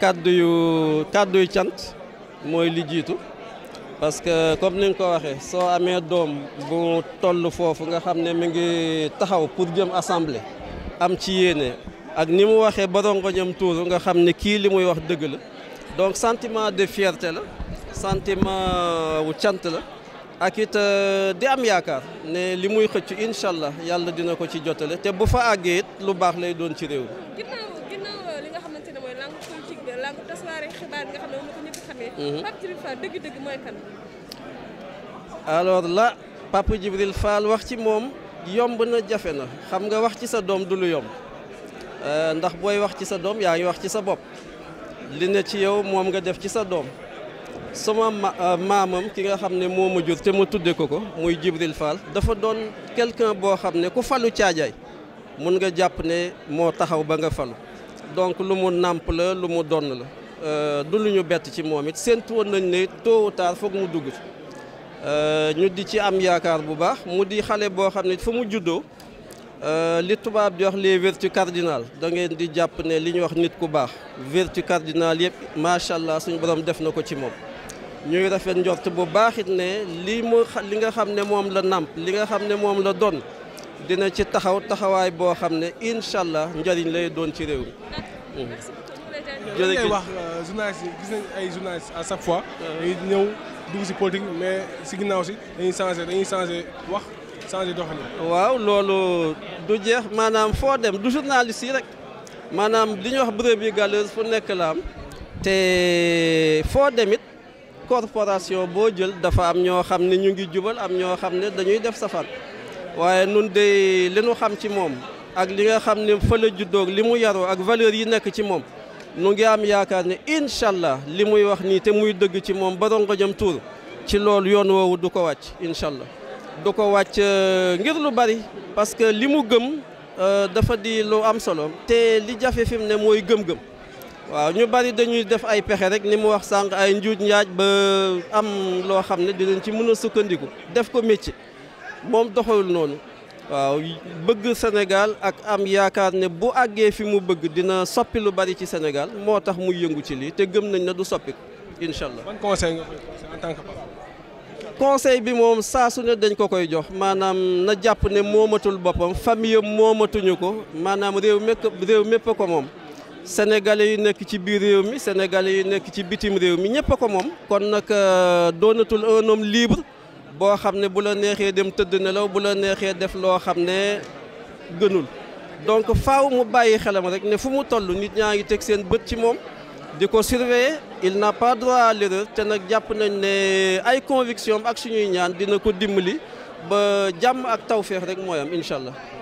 kàddu yu kàddu yu cant mooy li jiitu parce que comme ni nga ko waxee soo amee doom bu toll foofu nga xam ne mi ngi taxaw pour jëm assemblée am ci yéene ak ni mu waxee barongoñam tuuru nga xam ne kii li muy wax dëgg la donc santiment de fierté la sentiment euh, wu cant la ak it euh, di am yaakaar ne li muy xëcc incha allah yàlla dina ko ci jotale te bu fa àggee it lu baax lay doon ci réew mi tasaare la ko ñëpp xamee. Mhm. Pape wax ci moom yomb na jafe na xam nga wax ci sa doom du lu yomb euh, ndax booy wax ci sa doom yaa ngi wax ci sa bopp li ne ci yow moom nga def ci sa doom. sama euh, maamam ki nga xam ne moo ma jur te ma tudde ko ko muy Djibril Fall dafa doon quelqu'un boo xam ne ku falu caajaay mun nga jàpp ne moo taxaw ba nga falu donc lu mu nàmp la lu mu donn la Euh, du lu ñu bett ci moom it séentu woon nañ ne tôt ou tard foog mu dugg ci euh, ñu di ci am yaakaar bu baax mu di xale boo xam ne fa mu juddoo euh, li tubaab di wax les vertus cardinales da ngeen di jàpp ne li ñuy wax nit ku baax vertu cardinale yëpp macha allah suñ borom def na ko ci moom. ñuy rafet njort bu baax it ne li mu li nga xam ne moom la nàmp li nga xam ne moom la donn dina ci taxaw taxawaay boo xam ne incha allah njëriñ lay doon ci réew mi. jërëjëf ngay wax euh, journaliste yi ay journaliste à chaque fois. dañuy ñëw dugg si politique mais si ginnaaw si dañuy changé dañuy changé wax changé doxalin. waaw loolu du jeex maanaam foo dem du journaliste yi rek maanaam li ñuy wax brebis galeuse fu nekk la am te foo demit corporation boo jël dafa am ñoo xam ne ñu ngi jubal am ñoo xam ne dañuy def safar waaye nun de li nu xam ci moom ak li nga xam ne fa la juddoog li mu yaroo ak valeur yi nekk ci moom. nu ngi am yaakaar ne incha allah li muy wax nii te muy dëgg ci moom ba rongoñam tuur ci loolu yoon woowu du ko wàcc incha allah du ko wàcc euh, ngir lu bari parce que li mu gëm euh, dafa di lu am solo te li jafe fi ne mooy gëm-gëm waaw ñu bari dañuy def ay pexe rek ni mu wax sànq ay njuuj njaaj ba am loo xam ne dinañ ci mën a sukkandiku def ko métier moom doxalul noonu waaw bëgg Sénégal ak am yaakaar ne bu àggee fi mu bëgg dina soppi lu bari ci Sénégal moo tax muy yëngu ci lii te gëm nañ na du soppi incha allah. ban conseil bi moom saa su ne dañ ko koy jox maanaam na jàpp ne moomatul boppam famille moomatuñu ko maanaam réew mépp réew mépp ko moom. sénégalais yi nekk ci biir réew mi sénégalais yi nekk ci bitim réew mi ñëpp a ko moom. kon nag euh, doonatul un homme libre. boo xam ne bu la neexee dem tëdd nelaw bu la neexee def loo xam ne gënul donc faaw mu bàyyi xelam rek ne fu mu toll nit ñaa ngi teg seen bët ci moom di ko surveiller il n'a pas droit à te nag jàpp nañ ne ay conviction ak suñuy ñaan dina ko dimbali ba jàmm ak tawféex rek mooy am incha